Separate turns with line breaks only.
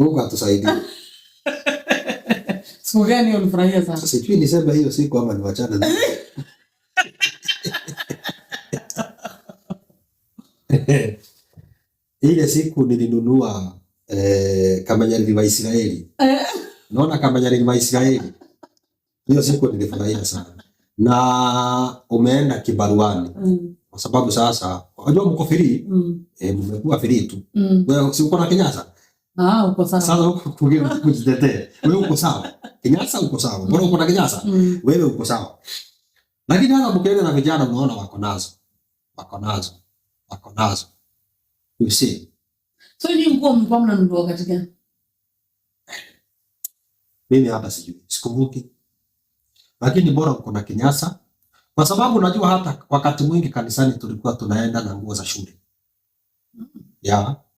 Mungu atusaidie.
Siku gani ulifurahia sana?
Sijui niseme hiyo siku ama niwachane na ile siku nilinunua eh, kamanyarili wa Israeli. Eh. Naona kamanyarili wa Israeli. Hiyo siku nilifurahia sana. Na umeenda kibaruani. Mm. Kwa sababu sasa, unajua mko free. Mm. Eh, mmekuwa free tu. Mm. Wewe si uko na kinyasa?
Ah, uko sawa.
Sasa huko kujitetea. Wewe uko sawa. Kinyasa uko sawa. uko na kinyasa? Wewe uko sawa. Lakini na vijana wako nazo. Wako nazo. Wako nazo. You see.
So ni mnanunua wakati gani?
Mimi hapa sijui. Sikumbuki. Lakini bora uko na kinyasa. Kwa sababu najua hata wakati mwingi kanisani tulikuwa tunaenda na nguo za shule. Mm. Yeah.